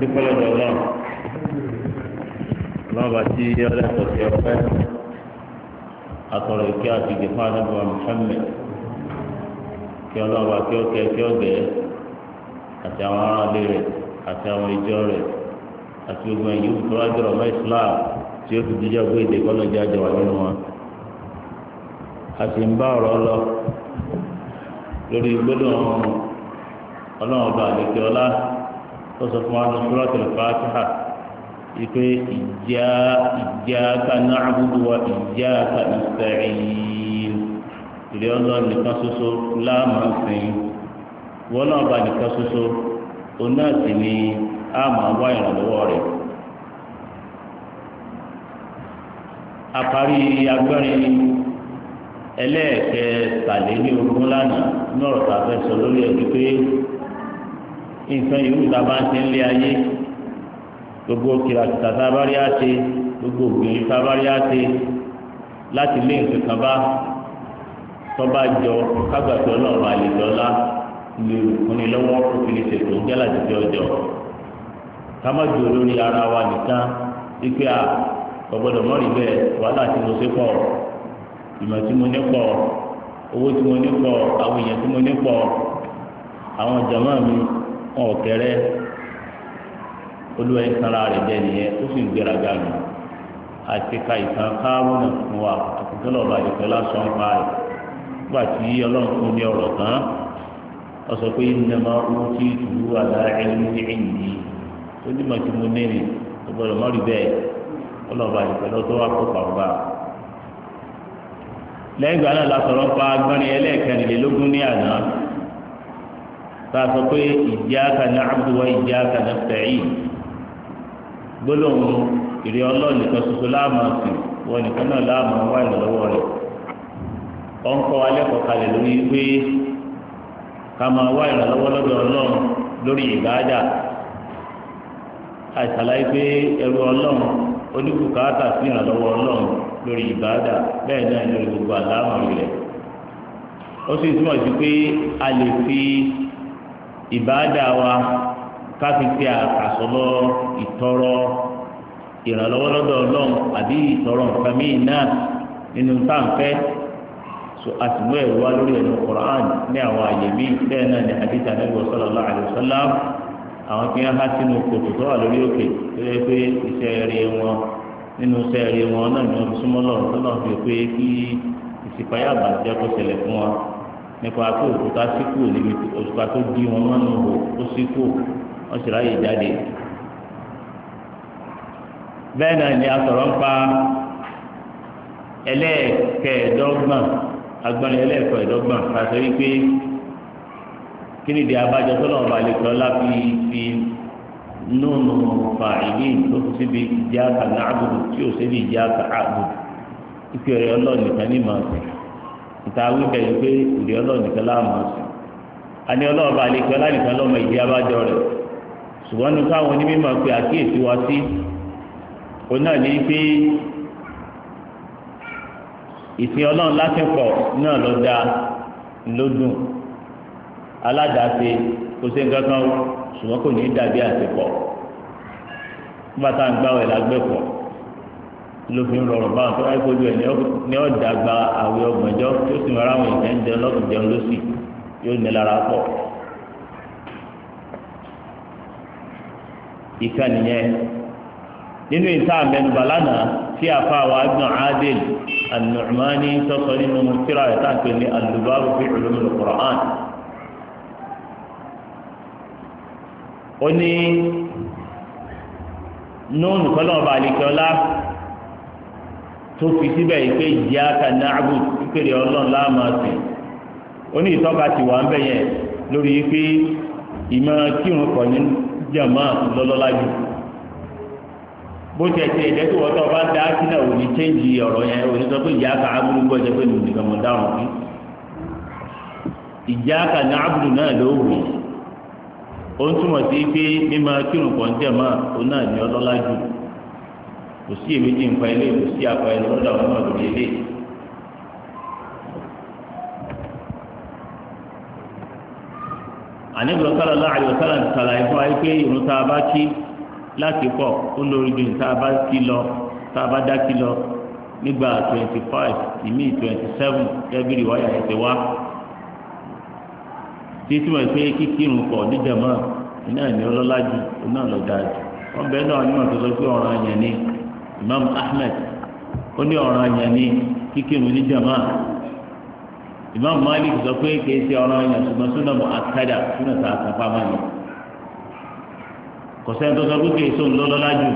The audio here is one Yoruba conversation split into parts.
adúpẹ́ lọ́dọ̀ ọlọ́run ọlọ́run bá ti ọlẹ́tọ̀ sí ọpẹ́ atọ̀rọ̀ ìkẹ́ àti ìdìfọ́ anábọ̀ Muhammad kí ọlọ́run bá kí ọkẹ́ kí ọgẹ́ àti àwọn aráàlú rẹ̀ àti àwọn ìjọ rẹ̀ àti gbogbo ẹ̀yìn tó wá jọ̀rọ̀ mọ́ Islam tí ó fi jíjọ́ gbé èdè kọ́lọ́jà jọ nínú wọn a ń bá ọ̀rọ̀ lọ lórí gbọ́dọ̀ ọlọ́run ọba àdékẹ́ ọlá tó sọ fún wa ní suratul Fatiha ìpè iyyaka na'budu wa iyyaka nasta'in ìdí ọlọ́run nìkan ṣoṣo láàmú sìn wọn náà bá nìkan ṣoṣo òun náà sì ni a máa wá ìrànlọ́wọ́ rẹ̀. àparí agbẹ́rin ẹlẹ́ẹ̀kẹ́ tàlẹ́ ní ogún lánàá ní ọ̀rọ̀ tá sọ lórí ẹ̀ nǹkan yòówù tá a bá ń ṣe ń lé ayé gbogbo kìlàkìtà tá a bá rí àṣe gbogbo ògbìn tá a bá rí àṣe láti lé nǹkan kan bá tọ́ba jọ kágbàtọ́ náà bá lè dọ́lá lè fúnni lọ́wọ́ òfin ìṣètò ń jálà ti fi ọjọ́ ká má ju olórí ara wa nìkan wípé a ọgbọ́dọ̀ mọ́rì bẹ́ẹ̀ wàhálà tí mo ṣe pọ̀ ìmọ̀ tí mo ní pọ̀ owó tí mo ní pọ̀ àwọn èèyàn tí mo ní pọ̀ àwọn jàmáà mi ọ̀kẹ́rẹ́ olúwa ìsanra rẹ̀ jẹ́ nìyẹn ó sì ń gbéraga nù àti ka ìtàn káàrún náà fún wa àti tọ́lọ̀ bá ìfẹ́ lásán pa rẹ̀ nígbà tí ọlọ́run fún ní ọ̀rọ̀ tán ó sọ pé innama utiituhu ala ilmin indi tó ní màtí mo ní rìn tó gbọdọ̀ má rí bẹ́ẹ̀ ọlọ́run ìfẹ́ lọ́tọ́ wá kó pàrọ̀bà. lẹ́yìn ìgbà náà la sọ̀rọ̀ pa agbọ́nrin ẹlẹ́ẹ̀kẹrìnlélógún ní àná ta sọ pé iyyaka na'budu wa iyyaka nasta'in gbólóhùn ìrẹ́ ọlọ́run ṣoṣo láàmú sí wọn nìkan náà láàmú wá ìrànlọ́wọ́ rẹ̀ ó ń kọ́ wa lẹ́kọ̀ọ́ lórí pé ká máa wá ìrànlọ́wọ́ lọ́dọ̀ ọlọ́run lórí àìsàlàyé pé ẹrú ọlọ́run oníbùkátà sí ìrànlọ́wọ́ ọlọ́run lórí bẹ́ẹ̀ náà lórí gbogbo rẹ̀ ó sì túmọ̀ sí pé a lè ìbáàdà wa káfí sí àkàsọ́lọ́ ìtọ́rọ ìrànlọ́wọ́ lọ́dọ̀ ọlọ́run àbí ìtọ́rọ nǹkan míì náà nínú táǹfẹ́ so àtìmọ́ ẹ̀rọ wa lórí ẹ̀rọ Qur'an ní àwọn àyè míì bẹ́ẹ̀ náà ní hadith Ànábì sallallahu alaihi wasallam àwọn tí wọ́n há sínú kòtò tó wà lórí òkè tó yẹ pé iṣẹ́ rẹ̀ wọn nínú iṣẹ́ rẹ̀ wọn náà ni wọ́n súnmọ́ lọ́run tó náà fi pé kí ìsìpáyà àbàjẹ́ kó ṣẹlẹ̀ fún wọn nípa pé òkúta síkú níbi òkúta tó di wọn mọ́nú wò ó síkú wọ́n sì ráyè jáde. bẹ́ẹ̀ náà ni a sọ̀rọ̀ ń pa ẹlẹ́ẹ̀kẹ́ẹ̀dọ́gbọ̀n agbọ́n ẹlẹ́ẹ̀kẹ́ẹ̀dọ́gbọ̀n pàṣẹ wípé kí ni ìdí abájọ tó náà balẹ̀ kí ọlá fi fi nùnù fàìlì tó fi síbi ìdí àkànà àbùdù tí ò síbi ìdí àkànà àbùdù ìpè ọ̀rẹ́ ọlọ́ọ̀nìkan ní màá sìn. níta wíkẹ́ yìí pé ìdí ọlọ́run nìkan láàmú ọ̀sìn àní ọlọ́run bá lè pẹ́ lọ́mọ ìdí abájọ rẹ̀ ṣùgbọ́n nípa àwọn onímọ̀ pé àkíyèsí wa sí òun náà ní pé ìsìn ọlọ́run náà lọ da lódùn aládàáse ṣùgbọ́n kò ní dàbí nígbà tá ló fi ń rọrùn báwọn tó wáyé kojú ẹ ní ọjà gba àwẹ̀ ọgbọ̀njọ́ tó sì mọ aráwọn ìjẹun jẹun lọ́sùn jẹun lọ́sì yóò ní lára pọ̀. ìka nìyẹn nínú ìta àmẹnubà lánàá tí afa wa gbọn adil anumani sọsọ nínú kíra ẹ̀ táàpẹ̀ ní alubaru fi ulumul Qur'an. ó ní nùnú kọ́lọ́ọ̀bà àlìkẹ́ ọlá. tó fi síbẹ̀ yìí pé iyyaka na'budu ìpèrè ọlọ́run la ó ní ìtọ́ka ti wà ń bẹ̀ yẹn lórí pé ìmọ̀ kírun kọ̀ ní jàmá lọ́lọ́lá jù bó tiẹ̀ tiẹ̀ jẹ́ kí wọ́n tó bá dá sí náà òní chéńjì ọ̀rọ̀ yẹn òní sọ pé iyyaka na'budu gbọ́ jẹ́ pé dáhùn sí náà ló wù ó ń túmọ̀ sí pé mímọ̀ kírun kọ̀ ní kò sí èméjì ń pa ilé kò sí apá ilé lọ́dọ̀ àwọn náà lórí ilé. àníbùrọ̀ sára láàrin ọ̀sára ti sàlàyé fún wa pé ìrun tá a bá kí láti pọ̀ ó lórí ju tá a bá kí lọ tá a bá dá kí lọ nígbà twenty five ìmí twenty seven gẹ́gẹ́ bí wáyà ẹ̀sẹ̀ wá tí túmọ̀ pé kíkírun pọ̀ níjàmọ́ iná ìní ọlọ́lá jù iná lọ́dà jù wọ́n bẹ́ẹ̀ náà nímọ̀ tó sọ ọ̀ràn yẹn ni imam ahmed ó ní ọ̀ràn yẹn ní kíkírun ní jama imam malik sọ pé kì í ṣe ọ̀ràn yẹn ṣùgbọ́n súnà mọ́ àkàdà súnà tá a kàn pa mọ́ ni kò sẹ́ni tó sọ pé kì í ṣe òǹlọ́lọ́lá jù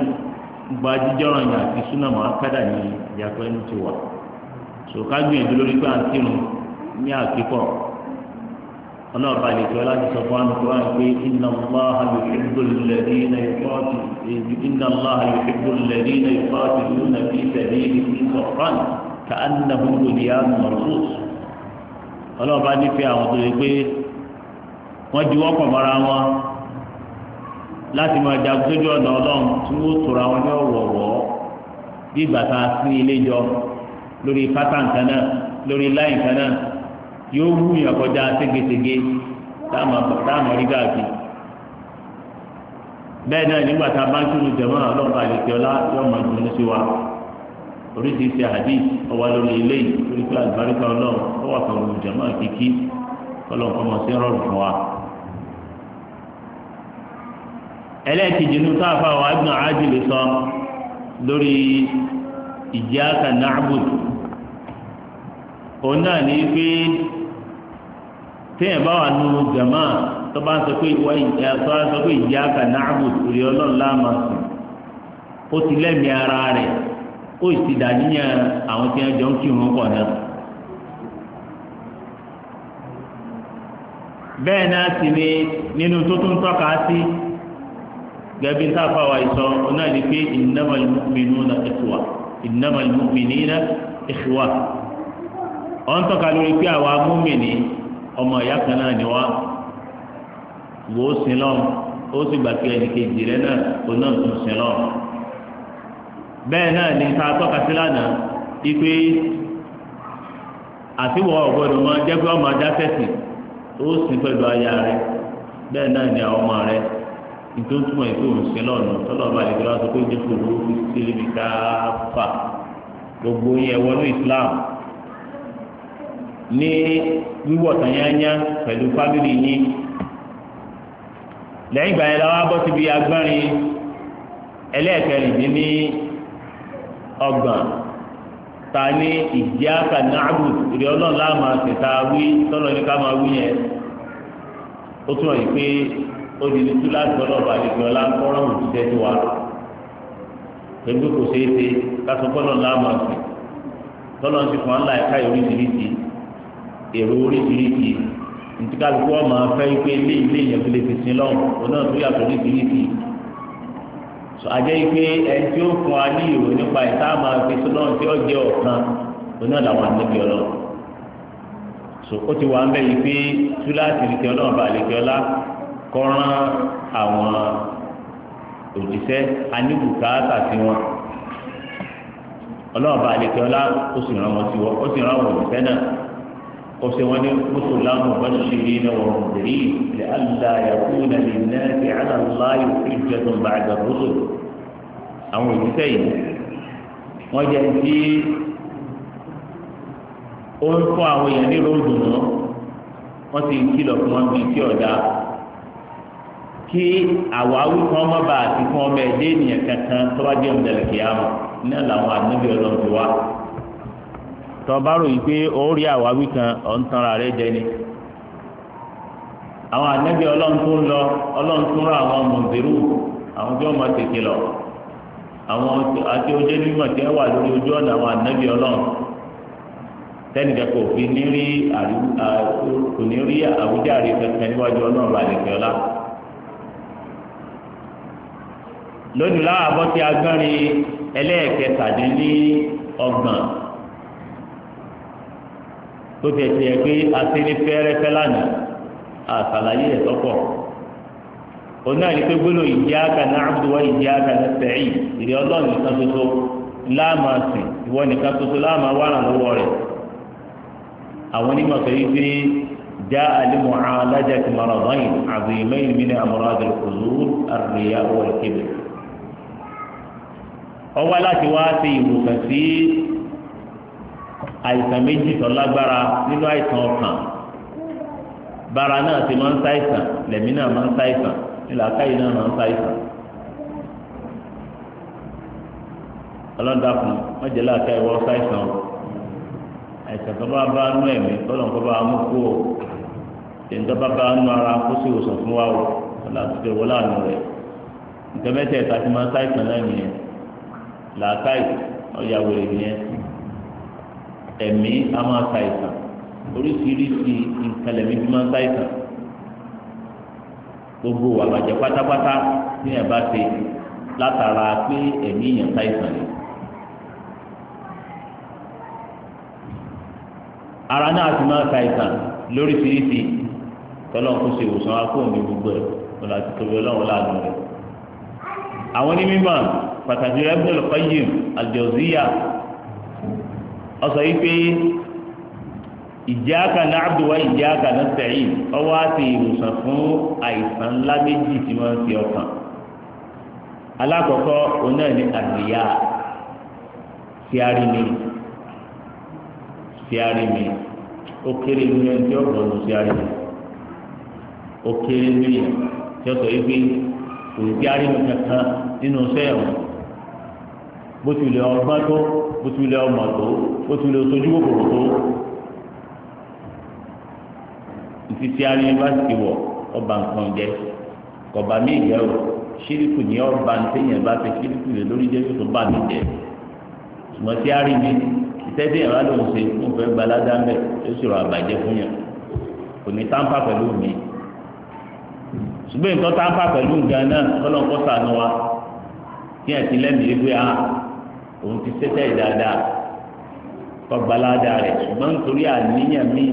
gba jíjọ́ràn yẹn àti súnà mọ́ àkàdà ní ìyàpẹ́ ní ti wà sòkájú ìdúró nípa àtìrún ní àkíkọ̀ ọlọ́ọ̀bá àlejò aláàjì sọ fún àwọn kúrán pé iná láha yòókùbùlẹ̀dí na ìfọ́ọ̀tì ìlú na fi tẹ̀lé ìlú sọ̀rán ká á nà fún lòdì àrùn mọ̀rọ̀sùs ọlọ́ọ̀bá nífẹ̀ẹ́ àwọn tó yẹ pé wọ́n di wọ́pọ̀ mọ́ra wọn láti máa jà sójú ọ̀nà ọlọ́run tí wọ́n tóra wọn ní ọ̀wọ̀ọ̀wọ́ bí ìgbà tá a sí ilé jọ lórí pátá yóò wú yàn kọjá ségesège táàmù rígà sí bẹ́ẹ̀ náà nígbà tá a bá ń kírun jẹ̀mọ́ ọlọ́pàá àlèkè ọlá yóò máa sí wa oríṣiríṣi hadith ọwọ́ lórí eléyìí lórí pé ọlọ́run ó wà jẹ̀mọ́ kíkí ọlọ́run sí wa. ẹlẹ́ẹ̀kejì ní sáfà wa ibùdó àjèlè sọ lórí iyyaka na'budu òun náà ní pé téèyàn bá wà nínú jama tó bá ń sọ pé ìwà ìjà tó bá ń sọ pé ìjà kà náàbù torí ọlọ́run láàmà sùn ó ti lẹ́mìí ara rẹ̀ ó sì dàníyàn àwọn tí wọ́n jọ ń kírun pọ̀ náà. bẹ́ẹ̀ náà sì ni nínú tó tún tọ́ka sí gẹ́gẹ́ táfà wa ìsọ náà ni pé innamal mu'minuna ikhwa innamal mu'minina ikhwa ọ̀ ń tọ́ka lórí pé àwa múmi nìyí. ọmọ ìyá kan náà ni wá wò ó sin lọ́n ó sì gbà rẹ bẹ́ẹ̀ náà ni ta tọ́ka sí lánàá ipe àtiwọ́ ọ̀gbọ́dọ̀ máa jẹ́ pé ọmọ ajá tẹ̀sí ó aya rẹ bẹ́ẹ̀ náà ni àwọn ọmọ rẹ nítorí túmọ̀ ìpè òǹsìn lọ́nà tọ́lọ́ba àlejò wa sọ pé ó gbogbo yẹn wọnú ìsìláàmù. ní wíwọ̀ anya pẹ̀lú fámìlì yín lẹ́yìn ìgbà yẹn wá bọ́ síbi agbárin ẹlẹ́ẹ̀kẹrìndín ní ọgbọ̀n ta ní ìdíyàkà náàbù ìrẹ́ ọlọ́run láàmà tẹ̀ta wí tọ́lọ́ ní ká máa wí yẹn pé ó di ọlá tó pẹ̀lú kò ṣeé ṣe ká sọ láàmà ti fún ẹ̀ka èrò oríṣiríṣi ntikaluku ọmọ afẹ́ yìí pé ilé ilé yẹn fi lè fi sin lọ́wọ́ òun náà tó yàtọ̀ oríṣiríṣi sọ ajẹ́ yìí pé ẹni tí ó fún wa ní ìrò nípa ìta máa fi sin lọ́wọ́ tí ó jẹ́ ọ̀kan òun làwọn àtẹ́bí ọlọ́wọ́ so ó ti wà ń bẹ yìí pé túláàsì nìkẹ́ ọlọ́wọ́ bá àlekẹ́ ọlá kọ́ran àwọn òjíṣẹ́ aníbùkátà sí wọn ọlọ́wọ́ bá àlekẹ́ ọlá ó sì rán wọn sí wọn ó sì rán wọn òjíṣẹ́ náà وسواني مسلم مبشرين ومنذرين لئلا يكون للناس على الله حجة بعد الرسل àwọn òṣìṣẹ́ yìí wọ́n jẹ́ ti ó ń fún àwọn èèyàn ní ròdù náà wọ́n ti ń kìlọ̀ fún wọn bíi tí ọ̀dà kí àwáwí kan má bàa ti fún ọmọ ẹ̀dẹ́ ènìyàn kankan tó bá jẹ́ ọ̀dẹ̀lẹ̀ kìá mọ̀ náà làwọn àdúgbò ọlọ́run ti wá. Tọbarụ bá rò yìí pé ó rí àwáwí kan ọ̀ ń jẹ ni àwọn ànábì ọlọ́run tó ń lọ ọlọ́run tó ń rà àwọn mọ̀nbẹ́rù àwọn tí wọ́n máa tètè lọ àwọn àti ojú tí wọ́n wà lórí ojú ọ̀nà àwọn ọlọ́run tẹ́nìkan kò fi ní rí kò ní rí kankan níwájú ọlọ́run lónìí láàbọ̀ tí tó tẹ̀ tiẹ̀ pé àti ní fẹ́rẹ́fẹ́ lánàá àṣàlàyé ẹ̀ tọ́pọ̀ òun náà ní pé gbọ́dọ̀ iyyaka na'budu wa iyyaka nasta'in ìrẹ́ ọlọ́run nìkan ṣoṣo láàmà sìn ìwọ nìkan ṣoṣo láàmà wà lọ́wọ́ rẹ̀ àwọn onímọ̀ sọ yìí pé جاء لمعالجة مرضين عظيمين من أمراض الحضور الرياء والكبر أولا تواسي مكسي àìsàn méjì tó lágbára nínú àìsàn ọkàn bara náà ti máa ń ṣàìsàn lẹ̀mí náà máa ń ṣàìsàn nílò akáyí náà máa ń ṣàìsàn. ọlọ́dàkùn wọ́n jẹ́ láàká ìwọ ṣàìsàn o àìsàn tó bá bá nú ẹ̀mí tọ́lọ̀ nǹkan bá mú kú o tẹ̀ǹtọ́ bá bá nú ara kó sì wòsàn fún wa o ọ̀là àtúntò ìwọ láàánú rẹ̀ nǹkan mẹ́tẹ̀ẹ̀ta ti máa ń ṣàìsàn náà nìyẹn làákàyè ọ̀yà wèrè nìyẹn ẹ̀mí a máa ta ìtàn oríṣiríṣi nǹkan lẹ̀mí fi máa ta ìtàn gbogbo àbàjẹ́ pátápátá tí yẹn bá ṣe látara pé ẹ̀mí yẹn ta ìtàn yẹn. ara náà ti máa ta ìtàn lóríṣiríṣi tọ́lọ́n kó ṣe ìwòsàn akóhùn ní gbogbo ẹ̀ ọ̀là ti tóbi ọlọ́run láàánú rẹ̀. àwọn onímọ̀ pàtàkì rẹ̀ Ibn al-Qayyim al a sọ pé ìjáka na'budu wa ìjáka nasta'in ọwọ́ àti ìwòsàn fún àìsàn ńlá méjì tí wọ́n fi ọkàn alákọ̀ọ́kọ́ òun ní àríyá mi ó kéré ní ẹni tí ó bọ̀ mi ó kéré ní ẹni tí ó sọ yìí kò ní kankan nínú sẹ́yìn wọn. bó ti lè ọgbọ́n tó bó ti lè ọmọ tó bó ti lè sojú kòkòrò tó ìfisi ayé yunifásitì wọ ọba nǹkan jẹ kọba mi jẹ o ṣírìkù ní ọba ntẹ̀yìn bá fẹ́ ṣírìkù lè lórí jẹ́ tó bá mi jẹ ṣùgbọ́n tí a rí mi ìtẹ́tẹ́ ìyàrá ló ń ṣe fún fẹ́ gbalada mẹ́ ó sì rọ àbàjẹ́ fún yàn kò ní táǹpà pẹ̀lú mi ṣùgbọ́n nǹkan táǹpà pẹ̀lú nǹkan náà kọ́lọ́ńkọ́ sànù wa tí ẹ̀ ti lẹ́mìí pé a. Ah, òun ti sẹ́sẹ́ ìdáadáa tọ́gbalada rẹ̀ ṣùgbọ́n nítorí àníyàn míì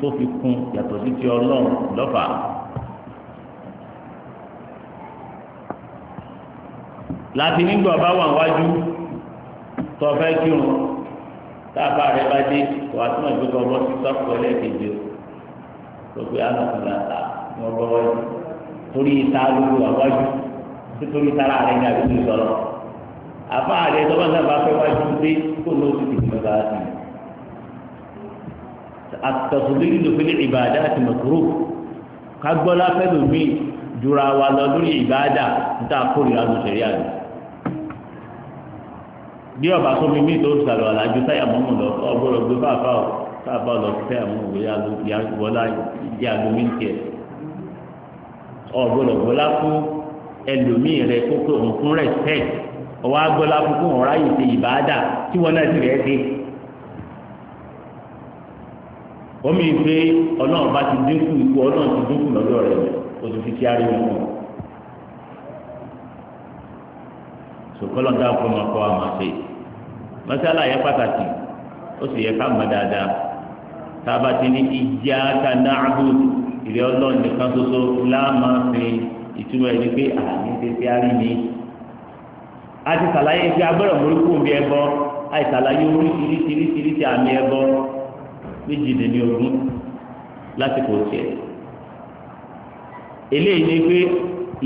tó fi kún yàtọ̀ sí ti ọlọ́run lọ́fà. láti nígbà bá wà wájú tó fẹ́ kírun táàbà rẹ bá dé tó àtúmọ̀ ìgbésọ̀ ọgbọ́n sí sọ́kùn ẹlẹ́ẹ̀kejì tó gbé alùpùpù àtà wọn bọ́ wájú torí ìta lóru àwájú nítorí ìta láàrin ní àbíkú ìsọ̀rọ̀ àbá rẹ tọ́ba náà bá fẹ́ wájú dé kó ló ti tìbí bàbá sí i àtọ̀sọ̀lẹ́ yìí ló fi lé ìbàdà àti mọ̀kúrò kágbọ́lá fẹ́ lómi jura wa lọ lórí ìbàdà níta kórìíra ló ṣẹlẹ̀ àná bí ọba sómi mi tó sàlọ àlàjù táyà mọ́mọ́ lọ ọgbọ́dọ̀ gbé fàáfà ọ fàáfà lọ táyà mọ́mọ́ wọlé wọlá ìdí àlómi tiẹ̀ ọgbọ́dọ̀ wọlá fún ẹlòmíì rẹ kókó òǹkún rẹ̀ tẹ́ẹ̀ ọwọ́ agbọ́lá fúnkún ọ̀rá yìí ṣe ìbáadà tí wọ́n náà ti rẹ̀ ṣe. omi ìfẹ́ ọlọ́run bá ti dínkù ikú ọlọ́run ti dínkù lọ́dọ̀ rẹ̀ o ti fi ti ariwo mọ́. sòkòlò dá fún ọmọ kọ́ àmọ́ ṣe mọ́sálà yẹ pàtàkì ó sì yẹ ká mọ̀ dáadáa tá a bá ti ní ìjà ká náà àbúrò ìrẹ́ ọlọ́run nìkan ṣoṣo láàmú ṣe ìtumọ̀ ẹni pé àmì ṣe ti arí mi a ti sàlàyé pé agbọ́dọ̀ móríkù bí ẹbọ àìsàlàyé oríṣiríṣiríṣi àmì ẹbọ méjìlélógún lásìkò tiẹ̀ eléyìí ni pé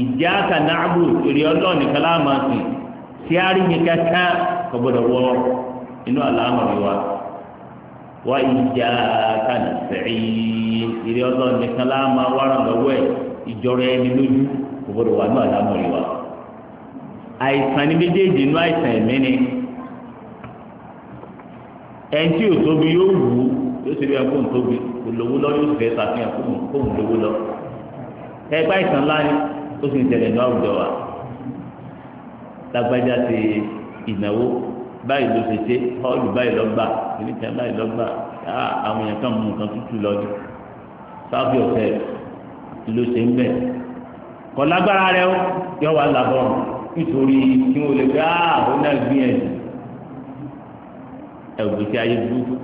ìjáàkà náàbù èrè ọlọ́ọ̀ nìkan láàmà sí tí a rí ní kẹta kò gbọdọ̀ wọ inú àlámà wa wá ìjáàkà nàfẹ̀ẹ́ èrè ọlọ́ọ̀ nìkan láàmà lọ́wọ́ ẹ̀ ìjọra ẹni lójú kò wà inú àlámà wa àìsàn ní méjèèjì inú àìsàn ẹ̀mí ni ẹni tí ò tóbi yóò wù ú yóò ṣe bí ẹkọ ń tóbi kò lówó lọ yóò fẹ́ ṣàfihàn kó ń lówó lọ ẹgbẹ́ àìsàn ńlá ni ó sì ń tẹ̀lé ní àwùjọ wa lágbájá ti ìnáwó báyìí ló ṣe ṣe ọ́ọ̀lù báyìí lọ́gbà oníkẹ́ báyìí lọ́gbà àwọn èèyàn kan mú nǹkan tútù lọ́dún sábì ọ̀sẹ̀ ló ṣe ń bẹ̀ kọ̀ lágbára rẹ ó yọ wà lábọ́ọ̀rùn nítorí kí wọ́n lè gbá àwọn ah, náà gbìyànjú ẹ̀wùgbé tí ayé burúkú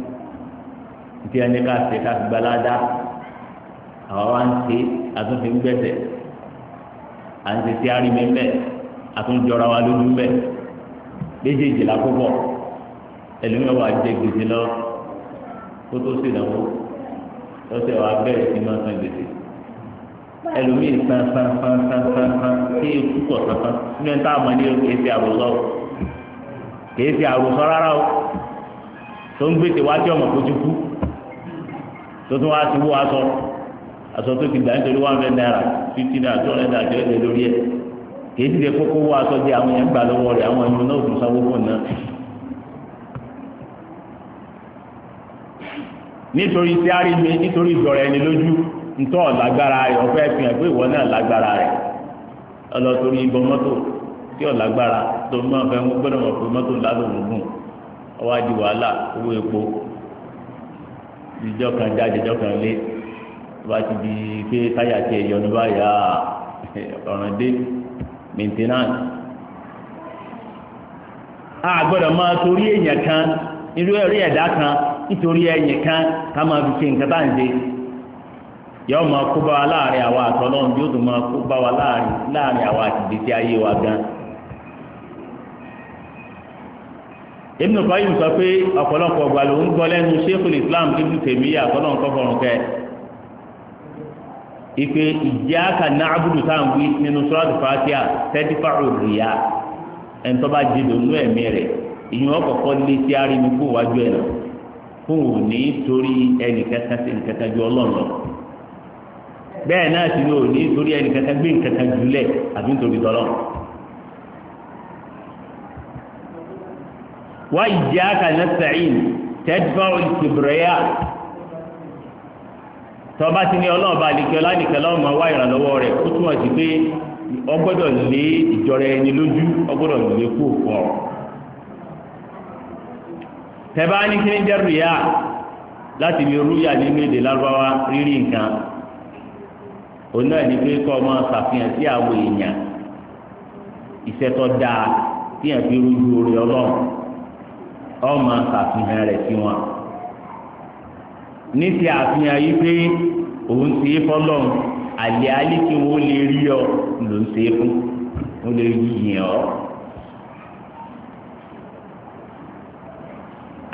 tí ẹni ká ṣe ká fi gbalada àwọn wa ń ṣe àtúnṣe ń gbẹ̀sẹ̀ à ń ṣe tí arí mi mbẹ àtúnjọra wa lójú mbẹ méjèèjì la kó bọ̀ ẹlòmíràn wà jẹ gbèsè lọ kótó sí ìnáwó lọ́sẹ̀ wa bẹ́ẹ̀ sí máa san gbèsè. ẹlòmíì san san san ní o tó ń gbèsè wá tí ọmọ ti kú tó tún wá ti one hundred naira naira two hundred naira lórí ti kókó aṣọ di àwọn yẹn gbà àwọn ẹni náà sanwó fún náà. nítorí ntọ́ ọ̀lágbára rẹ̀ ọ̀fẹ́ fi hàn pé ìwọ náà lágbára rẹ̀ ọlọ́tòrí mọ́tò tí ọ̀lágbára tó máa fẹ́ mú gbọ́dọ̀ mọ̀ pé mọ́tò ńlá gùn ọwọ́ adi wàhálà owó epo ìjọ kan jáde kan lé ti di pé a fi ṣe nǹkan yóò máa kó bá wa láàrin àwa àtọ́lọ́run yóò tún máa kó bá wa láàrin àwa ayé wa gan. Ibn Qayyim sọ pé ọ̀pọ̀lọpọ̀ ọgbà ló ń gbọ́ lẹ́nu Sheikhul Islam Ibn Taymiyyah àtọ́lọ́run kọ́ fọ̀rùn kẹ́ tá à ń wí nínú bá ẹ̀mí rẹ̀ ọkọ̀ọ̀kọ́ lé sí arínú ẹ̀ fún òní torí ẹnì kẹta bẹ́ẹ̀ náà sì ni ò ní torí ẹnìkankan gbé nǹkankan jùlẹ̀ àbí nítorí tọ́lọ́ wá ìjà kàná sẹ́yìn tẹ́tùfà ìkìbìrẹ́yà tọba ti ní ọlọ́ọ̀ba àdìkẹ́ ọlánìkẹ́ lọ́wọ́ máa wá ìrànlọ́wọ́ rẹ̀ ó túmọ̀ sí pé ọgbọ́dọ̀ lé ìjọra ẹni lójú ọgbọ́dọ̀ lé kú òfò ọ̀ tẹ́bá ní kí ní jẹ́ rìíyà láti lè rúyà nínú èdè lárúbáwá rírí nǹkan òun náà pé kọ́ ọmọ ṣàfihàn sí àwọn èèyàn ìṣẹ́tọ́ dáa tí yẹn fi rújú orí ọlọ́run ọmọ ṣàfihàn rẹ̀ sí wọn. ní ti àfihàn yìí pé òun ṣe é fọlọ́run àlẹ́ alẹ́ kí lè rí ọ ló ń ṣe é fún lè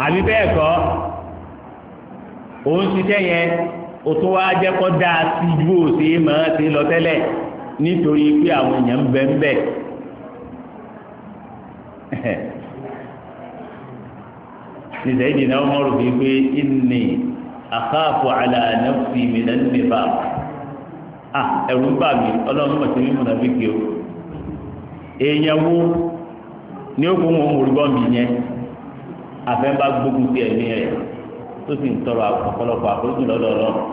àbí bẹ́ẹ̀ o tún wá jẹ́ kọ́ dáa sí ju òsè máa ti lọ tẹ́lẹ̀ nítorí pé àwọn èèyàn ń bẹ ń bẹ. Ṣèṣe ìdí náà wọ́n rò bíi pé ìnì àkáàfọ̀ àlànà fi mí lẹ́nu mi bá a ẹ̀rù ń bà mí ọlọ́run mọ̀ sí mímú náà fi kí o. Èèyàn wo ni ó kó wọn mọ̀rúgbọ́n mi yẹn àfẹ́ bá gbógun ti ẹ̀mí rẹ̀ tó sì ń tọrọ ọ̀pọ̀lọpọ̀ àforíjì lọ́dọ̀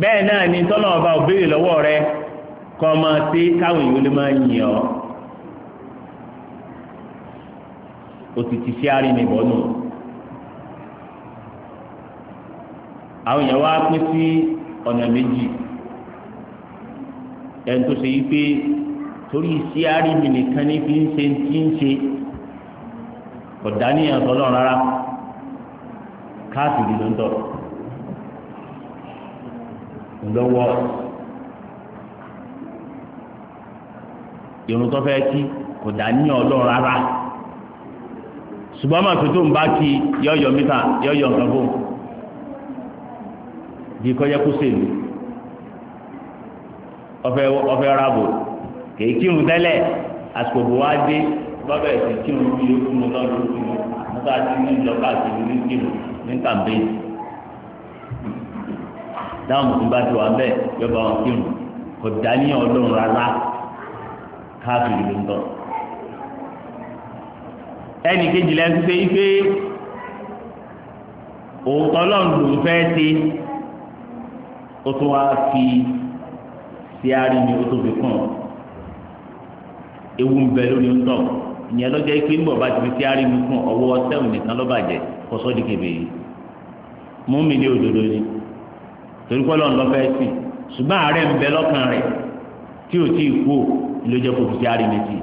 bẹ́ẹ̀ náà ni tọ́lọ̀ ọba òbéèrè lọ́wọ́ rẹ kọ́ ọmọ tí káwọn èèyàn lè máa yìn ọ́ òtítì sí arìnrìnbọ̀ nù àwọn èèyàn wá pín sí ọ̀nà méjì ẹni tó ṣe yí pé torí sí arìnrìn nìkan ní fi ń ṣe ti ń ṣe ọ̀dà níyàn tọ́lọ̀ rárá káàkiri ló ń tọ̀rọ̀. lọ́wọ́ irun tó fẹ́ kí kò dá ní ọlọ́run rárá ṣùgbọ́n màá fi tó ń bá kí yọ̀yọ̀ mítà yọ̀yọ̀ nǹkan fún bí kọjá kó sèlú ọfẹ ọfẹ rábò kèé kírun tẹ́lẹ̀ àsìkò bò wá dé bọ́bẹ̀ ẹ̀sìn kírun bí ó kún ní ìjọba àti ìlú kírun ní táwọn mùsùlùmí bá ti wà ń bẹ̀ yọba wọn kírun kò dání ọlọ́run rárá káàkiri ló ń tọ́ ẹnì kejì lẹ́nu pé ife òótọ́ lọ́run ló ń fẹ́ ṣe ó tún wá fi ṣe àrími ó tó fi kàn ewu ń bẹ lórí ń tọ̀ ìyẹn lọ́jọ́ ike ń bọ̀ bá ti fi ṣe àrími fún ọwọ́ sẹ́wọ̀n nìkan lọ́bàjẹ́ kọ́sọ́ di kébè yìí mú mi ní òdodo ni torí pé lọ́nà lọ́fẹ́ sí ṣùgbọ́n àárẹ̀ ń bẹ lọ́kàn rẹ̀ tí ò tí ì kú ló jẹ́ kó fi ti àárín létí.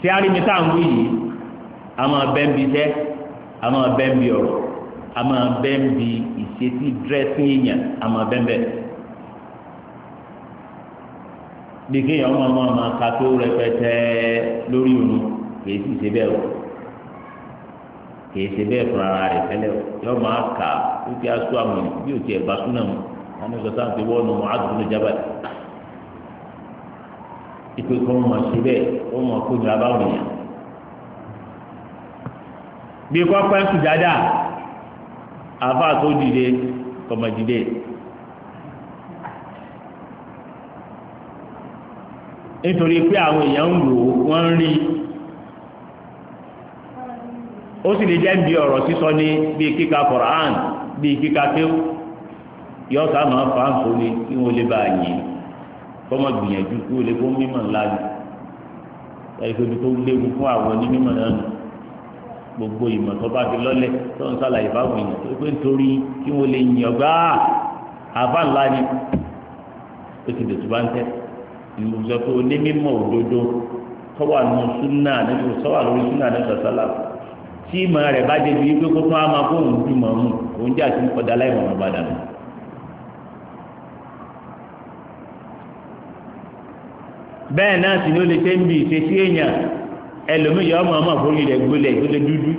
tí a rí mi tá à ń wí yìí a máa bẹ́ ń bi iṣẹ́ a máa bẹ́ ń bi ọ̀rọ̀ a máa bẹ́ ń bi ìṣesí dírẹ́sìn èèyàn a máa bẹ́ ń bẹ̀. bí kéèyàn ọmọ ọmọ máa ka tó rẹpẹtẹ lórí òun kì í sì ṣe bẹ́ẹ̀ wọ̀. kìí ṣe bẹ́ẹ̀ fún ara rẹ̀ tẹ́lẹ̀ o yọ máa kà á wípé aṣọ àmọ̀ bí o bá súnà mu wọn ní sọ́sán ti wọ́ọ̀nù ìpè kan mọ̀ ṣe bẹ́ẹ̀ ó mọ̀ kó nira bá bí kò pẹ́ ń sùjádà àfa tó dìde kọ̀mọ̀ dìde. nítorí pé ó sì lè jẹ́ ń bi ọ̀rọ̀ sísọ ní bíi kíka Qur'an bíi kíka kéwù yọ sáà máa fa àǹfò ni kí wọ́n lè bá a yìn kọ́mọ gbìyànjú kí wọ́n lè fún mímọ̀ ńlá ni ẹ̀ẹ́dẹ́gbẹ́ tó léwu fún àwọn onímọ̀ náà nù gbogbo ìmọ̀ tó bá fi lọ́lẹ̀ tó ń sàlàyé báwọn èèyàn tó pé nítorí kí wọ́n lè yìn ọ̀gá àbá ńlá ni ó ti dètò bá ń tẹ́ ìmùsọ̀ tó ní òdodo tọ́wà nù súnà nínú sọ́wà lórí súnà nínú sàlàyé tí ìmọ̀ rẹ̀ bá débi wípé kó tún á máa kó òun ju màmú òun jẹ́ àti kọ́dá láì mọ̀mọ́ bá dànù. bẹ́ẹ̀ náà sì ni ó lè ṣe ń bi ìṣesí èèyàn ẹlòmíyàn ọmọ ọmọ àforí rẹ̀ gbolẹ̀ tó lè dúdú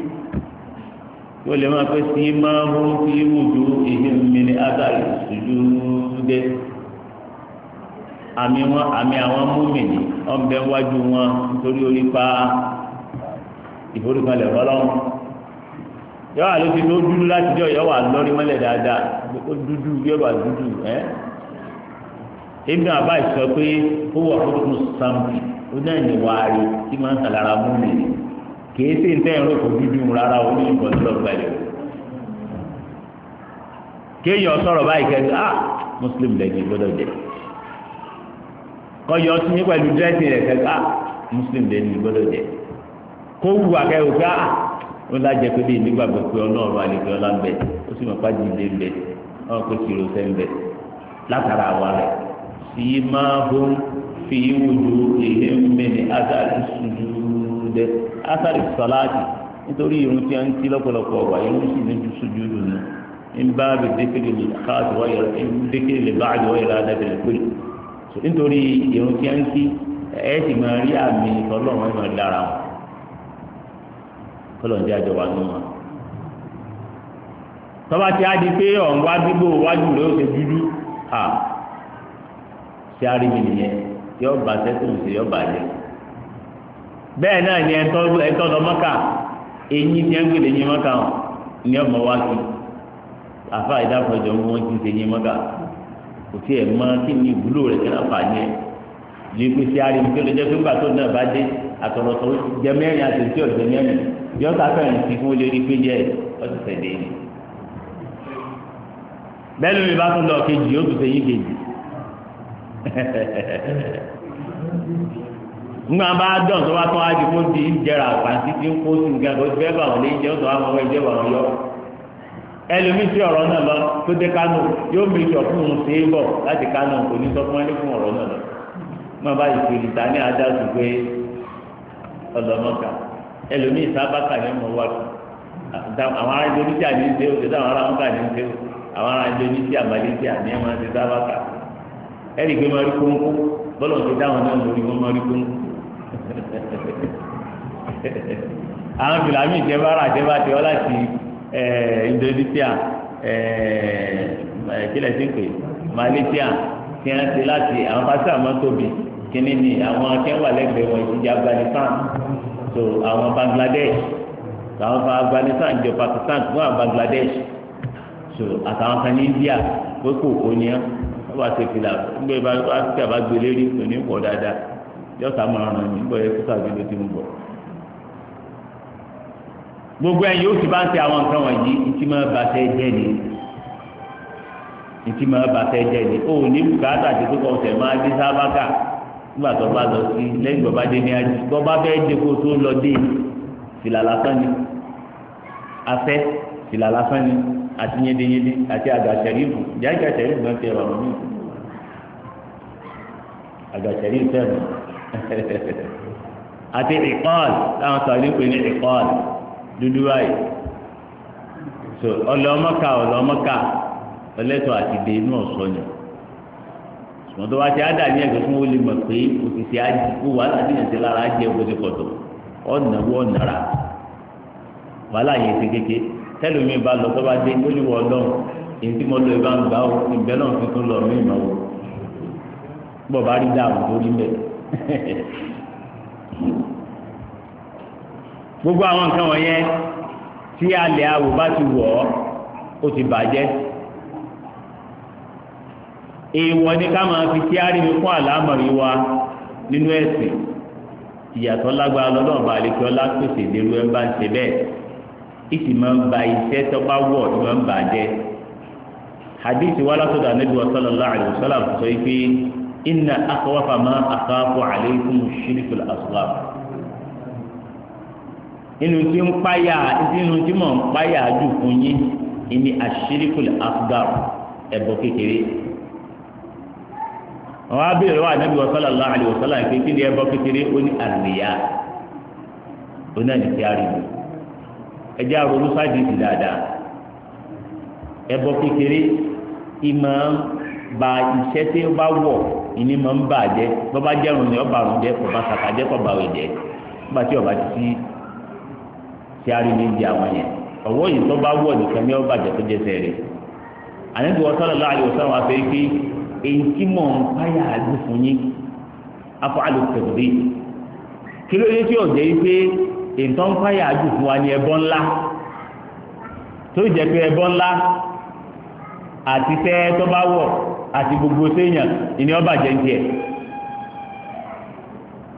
ó lè máa pẹ́ sí máa ń hún sí wùdú ìhìn mi ní agbára ìṣúdúdé àmì àwọn múmi ní wọn nítorí orí pa á ìforúkọlẹ̀ fọlọ́run yọ wà ló ti tó dúdú láti jọ yọ wà lọ́rí mọ́lẹ̀ dáadáa ó dúdú yọ wà dúdú ẹ́ Ibn Abbas sọ pé ó wà fún sàmì ó náà ní wàárí tí máa ń sàlára mú mi kìí sí ní tẹ́yìn rògbò dúdú rárá ó ní ìbọn tó lọ́gbà lẹ̀ kéèyàn sọ̀rọ̀ báyìí kẹ́kẹ́ ah muslim lẹ́yìn gbọ́dọ̀ jẹ́ kọ́ yọ ọtí ní pẹ̀lú dírẹ́sì rẹ̀ kẹ́kẹ́ ah muslim lẹ́yìn gbọ́dọ̀ jẹ́ kó wù akẹ́wò pé ah, ah ó lájẹ pé bíi nígbàgbọ́ pé ọlọ́run àlejò ọlá ń bẹ ó sì mọ̀ pàjì ilé ń bẹ ọ̀ pé kìló sẹ́ ń bẹ látara àwa rẹ̀ sì máa hún fi wùdú èyí ń mẹ́ni ásàlì sùdúdẹ ásàlì sọláàtì nítorí irun tí a ń tí lọ́pọ̀lọpọ̀ wà irun sì ní sùdúdù nù ń bá bi dékèlè káàtì wáyà dékèlè báàgì wáyà ládàbẹ̀rẹ̀ pé nítorí irun tí a ń tí ẹ̀ẹ́dì máa rí àmì ọlọ́run ẹ̀ máa dára wọn kọlọ̀ ń jẹ́ àjọ wa nù wọn. tọ́ba ti á di pé ọ̀n wá dúgbò wájú rẹ̀ ó ṣe dúdú à ṣé a rí mi nìyẹn yọ bá sẹ́kùn ṣe yọ bá yẹ. bẹ́ẹ̀ náà ni ẹ̀tọ́ ẹ̀tọ́ lọ mọ́kà eyín ti ń gbèlè yín mọ́kà ni ọmọ wa kì àfa ìdáfọ̀jọ́ wọn ti ṣe yín mọ́kà kò tí ẹ̀ mọ kí ni ìwúlò rẹ̀ kí láǹfà yẹn ní kò sí arimu kí ló jẹ́ pé ńgbà tó náà bá dé àtọ̀rọ̀tọ̀ jẹ mẹ́rin àti tí ò mẹ́rin yọta fẹ́ẹ̀lì tí fún olè onípe jẹ́ ọ̀sẹ̀ déyìí bẹ́ẹ̀ bá tún lọ kejì ó tún sẹ́yìn kejì bá dán bá á di kó di ìjẹra àpàǹtí tí ń kó sí nǹkan kó ti fẹ́ bá wọn lé jẹ́ ọ̀sán àwọn ọmọ ìjẹ́ wọn yọ ẹlòmí sí ọ̀rọ̀ náà lọ tó dé kánò yóò un bọ̀ láti kánò kò ní sọ elomi sábàkà ní ọmọ wájú àwọn ará indonesia ní ìdè òkè táwọn ará wọn ní àwọn ará indonesia malaysia ní ẹ ti sábàkà ẹnì pé máa kónkó bọ́lọ̀ ti dáhùn náà lórí wọn máa kónkó àwọn fìlàmì ti láti indonesia kílẹ̀ sí pé malaysia kí wọ́n ti láti àwọn pásítọ̀ àmọ́ kí ni so àwọn Bangladesh àwọn so, Afghanistan jọ Pakistan fún àwọn Bangladesh so àtàwọn kan ní India pé kò kó ni ẹ wọn bá ṣe fìlà gbé bá tí a bá gbé lérí kò ní pọ̀ dáadáa yóò sá máa ràn ní bóyá kó sàbí ló ti ń bọ̀ gbogbo ẹ̀yin yóò ti bá ń ṣe àwọn nǹkan wọ̀nyí ntí máa bá tẹ́ jẹ́ ni ntí máa bá tẹ́ jẹ́ ni ó ní bùkátà tó kọ́ ọ̀sẹ̀ máa dé sábà káà nígbà tó bá lọ sí lẹ́yìn bàbá dé ní àjì tó bá fẹ́ dé kó tó lọ dé fìlà lásán ni afẹ́ fìlà lásán ni àti yédeyéde àti àgàṣẹ̀rìfù ìjà àgàṣẹ̀rìfù náà ti rọrùn mí àgàṣẹ̀rìfù tẹ̀lé àti ìkọ́ọ̀lù táwọn sọ̀rọ̀ pé ní ìkọ́ọ̀lù dúdú báyìí so ọlọ́mọ́ka ọlọ́mọ́ka ọlẹ́tọ̀ àti dè inú ọ̀sọ́ yẹn wọn tó bá ti ádà ní ẹgbẹ́ fún olè mọ̀ pé òtítì ájì kó wàhálà ní ẹsẹ̀ lára ájì ẹgbẹ́ ti pọtọ ọ̀nà wọ nàrà wàhálà yẹn ti kéke tẹlifí mi bá lọ tó bá dé ó ní wọ lọ èyí tí mo lọ ìbá ń gbà ó ìgbẹ náà tuntun lọ mí mọ o bọ bá rí dáàbò tó rí mẹ gbogbo àwọn nǹkan wọ̀nyẹn tí alẹ́ àwò bá ti wọ̀ ọ́ ó ti bàjẹ́ èèwọ̀ ni ká máa fi tí árìmí fún àlámọ̀rí wa nínú ẹ̀sìn ìyàtọ̀ lágbára lọ́dọ̀ ọba àlekí ọlá pèsè ìdérú ẹ̀ ń bá ń ṣe bẹ́ẹ̀ ìsì máa ń ba iṣẹ́ tó bá wọ̀ tó máa ń bà jẹ́ hadith wa látọ̀dọ̀ anábì sallallahu alaihi wasallam sọ pé inna akọwàfà máa akhafu alaykum shirkul asghar inú tí ń páyà inú tí mò ń páyà jù fún yín ìní ashirkul asghar ẹ̀bọ kékeré. àwọn abéèrè wa anabi wa sallallahu alayhi wa sallam pé kí ni ẹbọ kékeré ó ní àríyá ó àròlú dáadáa kékeré ìmọ̀ ba iṣẹ́ tí ó bá wọ̀ ìní ń bà jẹ́ bọ́bá jẹ́rùn ni ọba àrùn jẹ́ kọba sàkà jẹ́ òye jẹ́ nígbà tí ọba ti ti àríwó di àwọn yẹn ọwọ́ yìí tó bá ní ọba jẹ́ tó jẹ́ sẹ́rẹ̀ àníbi èyí tí mò ń páyà àgbè fún yín afọ alùpùpù kí ló dé tí ò jẹ́ pé èyí tó ń páyà àgbè fún wa ní ẹbọ ńlá tó jẹ́ pé ẹbọ ńlá àti tẹ́ tó bá wọ̀ àti gbogbo séèyàn ìní ọba jẹ́ ń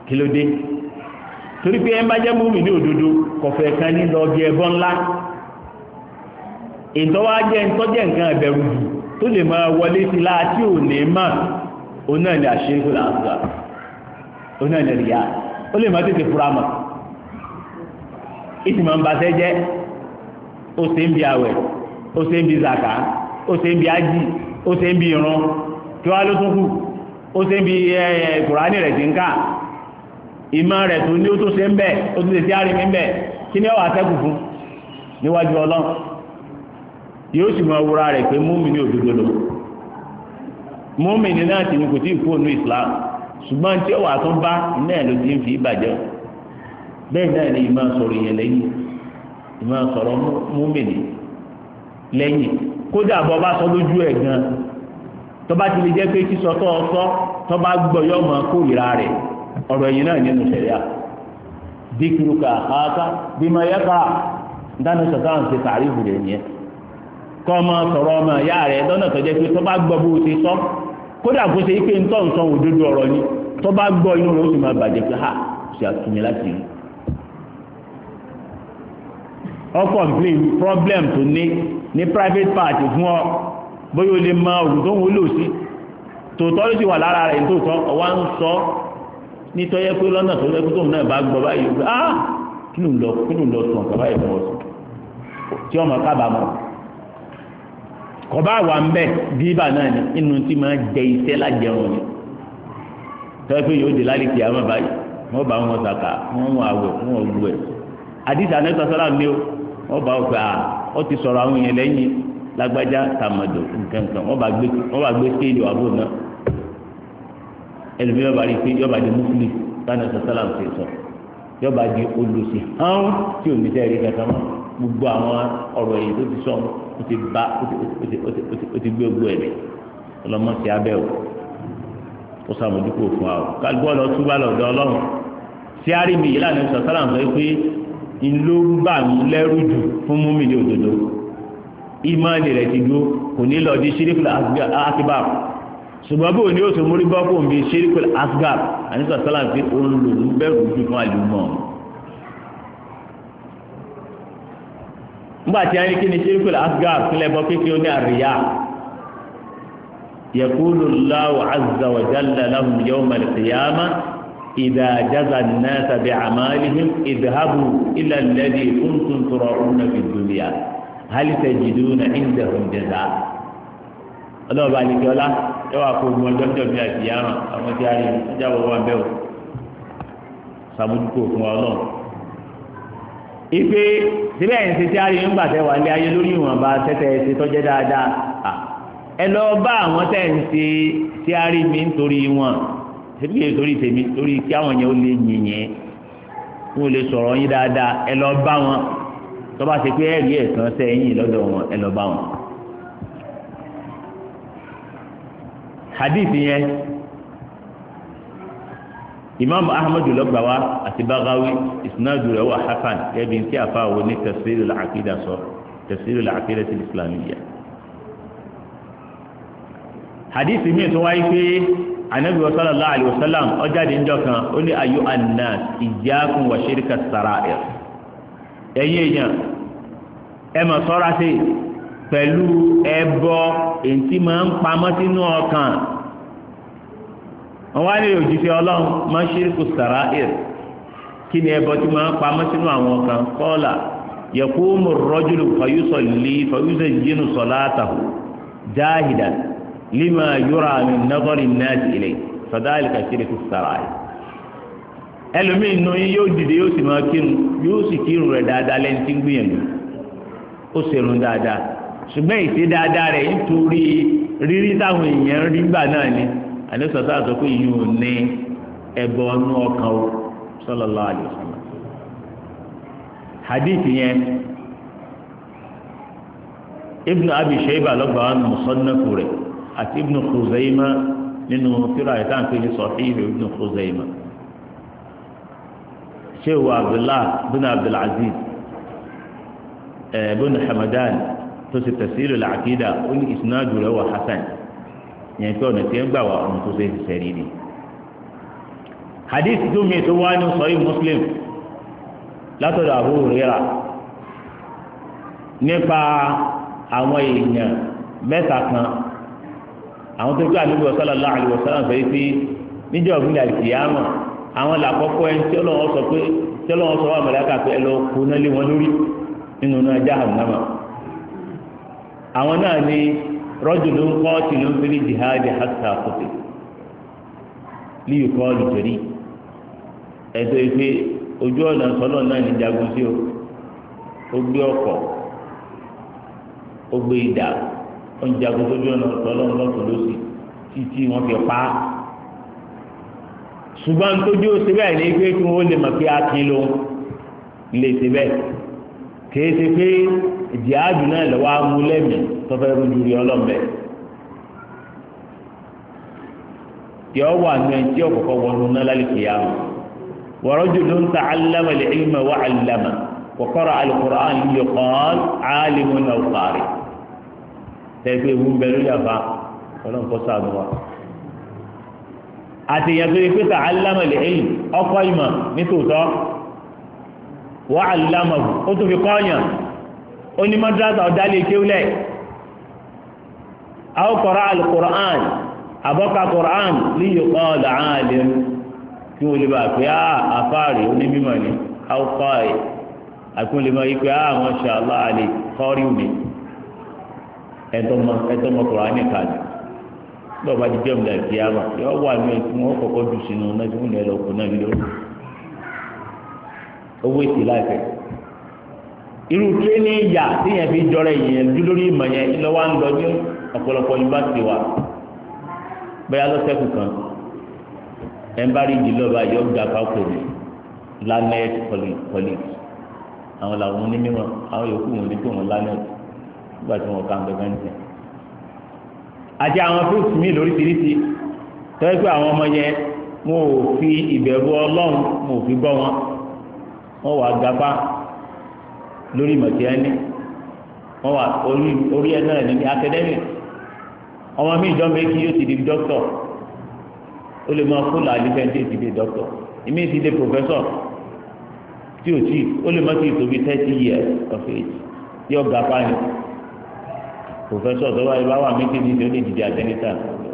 kí ló dé torí pé ẹ jẹ́ múmi ní òdodo kọ̀fẹ́ kan ní lọ bí ẹbọ ńlá ìtọ́wá jẹ́ nǹkan ẹ̀bẹ̀rù jù tó lè máa wọlé sí láti ò ní mà òun náà ní àṣírí láàbùdà òun náà ya. rìá ó lè máa tètè fura mọ̀ isi ma ń basẹ́ jẹ́ ó ṣe ń bi àwẹ̀ ó ṣe ń bi zàkà ó ṣe ń bi ájì ó ṣe ń bi irun kí wàá ló tún kù ó ṣe ń bi kùránì rẹ̀ ti ń kà ìmọ̀ rẹ̀ tó ní ó tó ṣe ń bẹ̀ ó tó ṣe sí àrími ń bẹ̀ kí ni ó wà sẹ́kù fún níwájú ọlọ́run yóò sì máa wúra rẹ̀ pé múmìnì òdodo lò múmìnì náà ti ní kò tí islam ṣùgbọ́n tí ó wà tó bá iná ẹ̀ ló ti ń fi ìbàjẹ́ bẹ́ẹ̀ náà ni ìmọ̀ sọ̀rọ̀ lẹ́yìn ìmọ̀ sọ̀rọ̀ múmìnì lẹ́yìn kódà bọ́ bá sọ lójú ẹ̀ gan ti lè jẹ́ pé sísọ tó sọ gbọ́ yọ kọ́ ọmọ sọ̀rọ̀ ọmọ ìyá rẹ̀ lọ́nà tó jẹ́ pé tó bá gbọ́ bó ti sọ kódà kó ṣe pé ntọ́ nsọ òdodo ọ̀rọ̀ ni tó bá gbọ́ inú rẹ̀ ó sì máa bàjẹ́ pé ha ṣe àtúnyẹ láti rí ọkọ̀ nfin problem tó ní ní private party fún ọ bóyá o lè mọ òògùn tó ń wúlò sí tòótọ́ ló ti wà lára rẹ̀ nítòótọ́ ọwá ń sọ nítọ́yẹ pé lọ́nà tó lẹ́kú tóun náà bá gbọ́ báyìí ó gbé ah kí ló ń lọ kí ló ń lọ sùn ọ̀gá báyìí fún ọ sùn tí ọmọ kábàámọ̀ kọba àwa ń bẹ bíbà náà ni inú tí máa jẹ iṣẹ́ lájẹun ni tọ́wọ́ pé yóò dé lálẹ́kì àwọn báyìí wọ́n bá wọn sàkà wọ́n wọn àwẹ̀ wọ́n wọn gbọ́ ẹ̀ àdìsí anẹ́sọ̀ sọ́lá ni ó wọ́n bá wọn pé à ó ti sọ̀rọ̀ àwọn yẹn lẹ́yìn lágbájá tàmọ̀dò nkankan wọ́n bá gbé wọ́n bá gbé kéèlì wà bò náà ẹlòmí yọba rí pé yọba di muflis tánà sọ́sọ́lá ń sè sọ yọba di olùsí hàn tí ò gbogbo àwọn ọ̀rọ̀ èyí tó ti sọ ó ti ba ó ti gbé ogbó ẹ̀ lẹ̀ ọlọ́mọ ti abẹ́ o ó sàmójúkú òfin wa o kálukú lọ túbà lọ́dọ̀ ọlọ́run tí a rí mi yìí lánàá sọ sọ́là ń sọ pé ìlú ń bà mí lẹ́rù jù fún mú mi ní òdodo ìmọ̀ọ́lì rẹ̀ ti dúró kò ní lọ di ṣírífù akíbà ṣùgbọ́n bó ni ó bọ́ fún mi ṣírífù asgar àníṣà sọ́là ń ń bẹ̀rù jù fún àlùmọ́ọ̀mù nígbà tí a ní kí ni ṣírkù asgar sílẹ̀ bọ́ kékeré ó ní àríyá يقول الله عز وجل لهم يوم القيامة إذا جزى الناس بأعمالهم اذهبوا إلى الذي كنتم ترعون في الدنيا هل تجدون عندهم جزاء الله بالك ولا يوافق مجمد في القيامة أما تعالي أجاب الله بيو سامجكم الله ipe síbẹ̀ yìí ṣe tí a rí ń wà lé ayé lórí ìwọ̀nba tẹ́tẹ́ ṣe tọ́jẹ́ dáadáa ẹ lọ bá àwọn tẹ́ ń ṣe tí a rí mi nítorí wọn síbí torí tèmi torí kí àwọn yẹn ó lè yìnyín kí wọ́n lè sọ̀rọ̀ yín dáadáa wọn ṣe pé ẹ̀rí ẹ̀sán lọ́dọ̀ wọn ẹ lọ bá wọn. hadith yẹn imam ahmadu lọgbàwa àti bagawi isnadu rẹ̀ wà hasan ẹbí tí a fa wo ní tafsir al-aqida sọ tafsir al-aqida ti islamiyya hadithi mi tó wáyé pé anabi wa sallallahu alayhi wa sallam ọjáde ń jọkan ó ní ayu annas iyyakum wa shirka sara'ir ẹ̀yin èèyàn ẹ máa ṣọ́ra sí pẹ̀lú ẹbọ èyí máa ń pamọ́ sínú ọkàn àwọn àlè òjìṣẹ́ ọlọ́run máa ń ṣírí kò sàrà ìr kí ni ẹbọ tí máa ń pamọ́ sínú àwọn kan kọ́ọ̀là yẹ̀kú mu rọ́júlù fàyúsọ̀ lé fàyúsọ̀ jínú sọ̀láàtà jáhìdà lima yúra mi nọ́gọ́rì náà ti ilẹ̀ sọ̀dáàlì kà ṣírí kò sàrà ìr ẹlòmíì nù yín yóò dìde yóò sì máa kírun yóò sì kírun rẹ̀ dáadáa lẹ́ni tí ń gbìyànjú ó ṣerun dáadáa ṣùgbọ́n ìṣe dáadáa rẹ̀ nítorí àníṣọ́sọ́ àti ọkọ yìí ò ní ẹbọ ọnú ọkàn o sallallahu alaihi wasallam hadith yẹn ibnu abi shayba lọgbà wọn musonnafu rẹ àti ibnu khuzaima nínú tíra yìí táwọn pè ní sahih ibnu khuzaima shehu abdullah bin abdulaziz ẹ eh, bin hamadan tó ṣe tafsir al ó ní isnadu rẹ wà hasan yẹn pé ọ̀nà tí ń gbà wá ọ̀nà tó ṣe é ṣiṣẹ́ rí ni. hadith tó mi tó wá ní sọ́yìn muslim látọ̀dọ̀ Abu Hurairah nípa àwọn èèyàn mẹ́ta kan àwọn tó gbé àlùbọ̀ sallallahu alaihi wasallam fẹ́ sí níjọ́ ọ̀gbìn àlùkìyàmọ̀ àwọn làkọ́kọ́ ẹni tí ọlọ́wọ́ sọ pé tí ọlọ́wọ́ sọ wà mọ̀lẹ́kà pé ẹ lọ kó náà lé wọn lórí nínú náà jahannama àwọn náà ni rọ́jùlù ń kọ́ tí ló ń fi ní jihadi hasa kùtì líyù kọ́ lùtòrí ẹ̀tọ́ ìpè ojú ọ̀nà sọ́lọ̀ náà ní jagun sí o ó gbé ọkọ̀ ó gbé ìdá ó ń jagun sójú ọ̀nà sọ́lọ̀ lọ́tọ̀ lọ́sì títí wọ́n fi pa á ṣùgbọ́n tójú ó ṣe ní pé kí wọ́n lè mọ̀ pé akin ló ń lè ṣe bẹ́ẹ̀ kì ìjìyàjù náà lọ́wọ́ amúlẹ́mì tó fẹ́ rújú rí ọlọ́mọbẹ tí ó wà ní ẹni tí ó kọ́kọ́ wọnú náà lálẹ́kì yá wọn wọ́rọ́jù ló ń ta alámà lè ìmọ̀ wá alámà kọ́kọ́rọ̀ alùpùpù àwọn yìí kọ́ alimu náà kárì tẹ́gbẹ́ ewu ń bẹ lórí àbá ọlọ́nkọ́ sáànù wa àti ìyàtọ̀ yìí pé alámà lè ìmọ̀ ọkọ̀ ìmọ̀ nítòótọ́ wọ́n alámà onye ọ̀dálẹ̀ kéwúlẹ̀ àwòkọ̀rọ̀ alukur'an àbọ̀kà kur'an líyò kọ́ọ̀lù àlẹ́m kí wọ́n lè bá pé á àfáàrí ni àwòkọ́ ẹ̀ àkún lè mọ̀ yí pé á masha Allah kọ́rí mi ẹ̀tọ́mọ ni bọ́ọ̀ bá ti jẹ́ ọ̀dà ìkíyàmà yọ wà ní ẹ̀kú wọn kọ́kọ́ jù sínú náà tí wọ́n lè lọ kó náà owó irú tírénì ìyà tí yẹn fi jọrọ ìyẹn dú lórí ìmọ̀ yẹn lọ́wọ́ ń lọ ní ọ̀pọ̀lọpọ̀ yunifásitì wa bẹ́ẹ̀ lọ́sẹ̀kù kan ẹ̀ńbárì ìdílọ́ba yóò gba káfọ́ mi lanet college àwọn làwọn onímọ̀ àwọn yòókù wọn ní pé wọn lanet nígbà tí wọn kà ń gbẹgbẹ́ nìyẹn àti àwọn fruits mi lóríṣiríṣi tọ́jú pé àwọn ọmọ yẹn wọn ò fi ìbẹ̀rù ọlọ́run wọn ò fi bọ́ wọn wọn wà gapá lórí ìmọ̀tí ẹni wọ́n wà orí ẹ náà ní akadẹ́mì ọmọ mi ìjọ méjì yóò ti di dókítọ̀ ó lè máa fún làálífẹ́ńtì ti di doctor èmi ti di pòfẹ́sọ̀ tí o ti o lè má ti tóbi thirty years of age tí o ga fáyìn professor tó báyìí bá wà méjì ní ìdílé dìde àtẹnità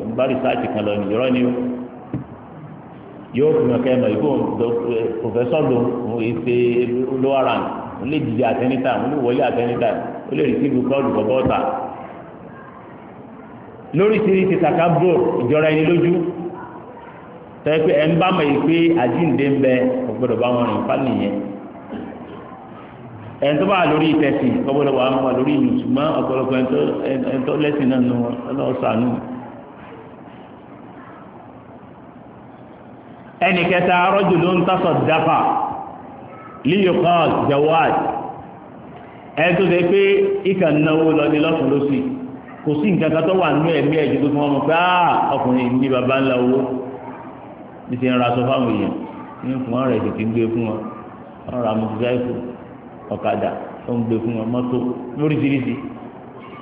n bá rìsáàtì kan lọ nìyọrọ ni yóò fi eh, professor ló ń ṣe lower rank ó lè dìde àtẹnitá ó lè wọlé àtẹnitá ó lè rìsíìbù kọ́ọ̀lù bọ́bọ́ ọ̀tà lóríṣiríṣi takabro ìjọra ẹni lójú tẹ́lẹ̀ pé ẹ̀ ń bá mọ̀ yìí pé àjíǹde ń bẹ ọ̀gbọ́dọ̀ bá wọn rìn fáàlì ọba ẹ̀ ń tó bá lórí ìtẹ̀sì ọ̀gbọ́dọ̀ wà mọ̀ lórí ìlú ọ̀pọ̀lọpọ̀ ẹ̀ ń tó lẹ́sìn náà nù ọlọ́sàánù. ẹnì kẹta rọ́jò ló ń tásọ̀ dáfà liyokos jawad ẹni tó ṣe pé ìkà náwó lọ ní lọ́sùn lọ́sì kò sí nǹkan kan tó wà nínú ẹ̀mí ẹ̀jú tó fún ọmọ pé ah, ọkùnrin ní baba ńlá owó ní ti ń ra aṣọ fáwọn èèyàn ní fún ọ̀rẹ́ ètò tí ń gbé fún wọn ọ̀rọ̀ amọ̀tíṣáìfù ọ̀kadà tó ń gbé fún wọn mọ́tò lóríṣiríṣi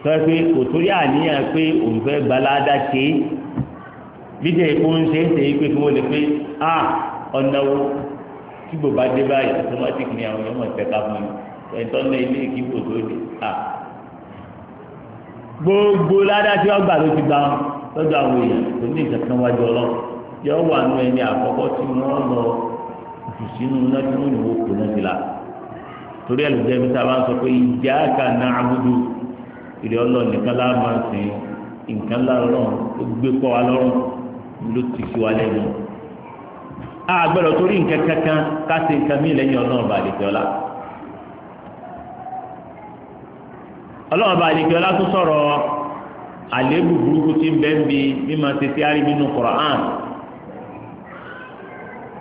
tó yẹ pé kò torí àníyàn pé òun fẹ́ gbalada ṣe é bí jẹ́ ìpò ń ṣe é ṣe é pé kí wọ́n lè pé ah, ọ̀nà wo tí gbò bá dé báyìí automatic ni àwọn èèyàn mọ̀ ìtẹ́ka fún mi ẹ̀tọ́ ní ilé ìkíkò tó dé à gbogbo ládàá tí wọ́n gbà ló ti gbà wọn lọ́dọ̀ àwọn èèyàn tó ní ìtẹ̀kan wájú ọlọ́run yọ wà nù ẹni àkọ́kọ́ tí wọ́n lọ jù sínú náà tí wọ́n yòówó kò torí ẹlòmíjẹ bí sábà ń sọ pé ìjà kà náà abudu ìrẹ ọlọ́run nìkan láà máa sìn nǹkan láà lọ́rùn gbé kọ́ wa lọ́rùn ló ti fi wa lẹ́nu àgbẹ̀rọ̀ torí nǹkan kankan ká ṣe nǹkan mí lẹ́yìn ọlọ́run bá àlejò ọlá ọlọ́run bá àlejò ọlá tó sọ̀rọ̀ àléébù burúkú tí ń bẹ́ ń bi mímọ tètè árí nínú Qur'an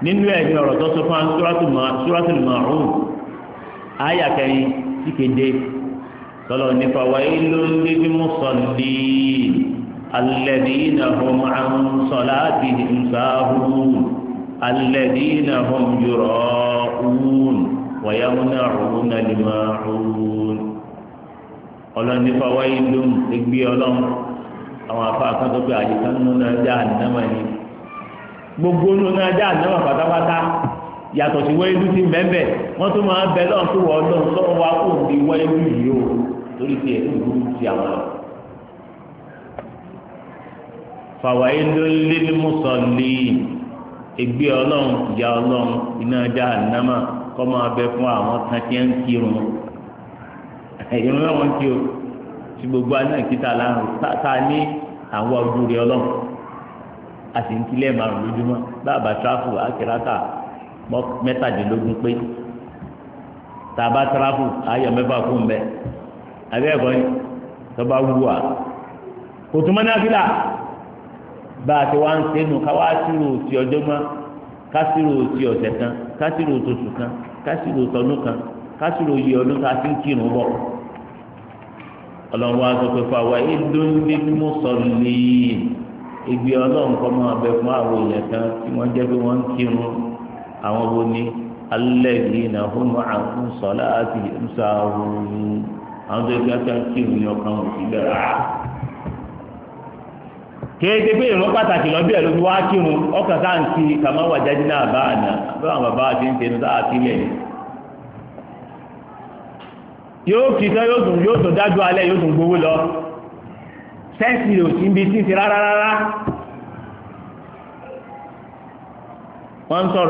nínú ẹ̀ ní ọ̀rọ̀ tó sọ fún Suratul Ma'un àyà kẹrin tí kéde tọ́lọ̀ nípa wailul lil musallin alladhina hum an salatihim sahun. الذين هم yura'un ويمنعون yamna'una al-ma'un ọlọ́run nípa wáyé lóhùn ẹgbẹ ọlọ́run àwọn afa akadọgbẹ àyíká nínú náà dá ànámà ni gbogbo nínú náà dá ànámà pátápátá yàtọ̀ sí wáyé lùtì mẹ́mẹ́ wọ́n tún máa bẹ lọ́n tó wọ́ ọlọ́run sọ́wọ́ wa kò ní wáyé lù yìí o torí tiẹ̀ tó lù ti àwọn fàwáyé ló lé ní mùsọ̀lì ègbé ọlọ́run ìyá ọlọ́run iná jahannama kọ́ máa bẹ fún àwọn kan tí ń kírun ìrún náà ti o tí gbogbo aná ìkíta láàrún tá a ní àwọn ọdúnrún ọlọ́run a sì ń tilẹ̀ márùn lójúmọ́ bàbá tráfù akérata mẹ́tàdínlógún pé tàbá tráfù ayọ̀ mẹ́fà fún bẹ́ẹ̀ abẹ́ ẹ̀kọ́ ni tọ́ba wúwa kò tún mọ́ náà fílà bá a ti wá ń sẹ́nu ká wá sírò òtí ọjọ́ mọ́ ká sírò òtí ọ̀sẹ̀ kan ká sírò òtòṣù kan ká sírò òtọ́nú kan ká sírò òyì ọdún ká fi ń kírun bọ̀ ọlọ́run wa sọ pé fàwa ìlú ní mùsọ̀lì ìgbé ọlọ́run kọ́ máa bẹ fún àwọn èèyàn kan tí wọ́n jẹ́ pé wọ́n ń kírun àwọn wo ni alladhina hum an salatihim sahun àwọn tó yẹ kí wọ́n kírun ní ọkàn òsì bẹ́ẹ̀ rà kéde pé ìrún pàtàkì lọ́bí ẹ̀ ló wá kírun ọkàn sáà ń kí kàmá wà jáde náà bá àná bí ti ń tẹnu sáà sílẹ̀ yóò kì í yóò tún yóò tún dájú alẹ́ yóò tún gbowó lọ sẹ́ǹsì ò sí ibi títí rárá rárá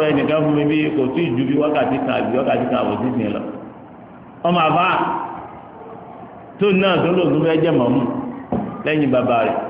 ẹnìkan fún mi bí kò tí ì ju bí wákàtí kan àbí wákàtí kan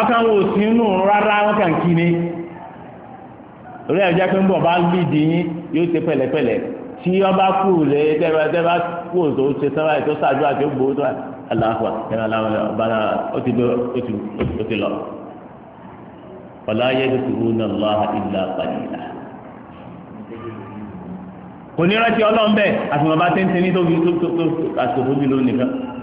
ọkàn wò sí inú rárá wọn kàn kí ni orí ẹ̀já pé ń bọ̀ bá lì dìyín yóò ṣe pẹ̀lẹ́pẹ̀lẹ́ tí ọba kù lé tẹ́lá tẹ́lá kù tó ṣe sábà tó ṣáájú àti ó gbowó tó wà aláhùwà tẹ́lá aláhùwà ọba náà ó ti lọ ó ti lọ. ọ̀la yẹ kí kúrú náà lọ́ha ìlà pàdìlà. kò ní rántí ọlọ́run bẹ́ẹ̀ àfihàn bá tẹ́ntẹ́ni tó fi tó tó tó àṣòfò jùlọ nìkan.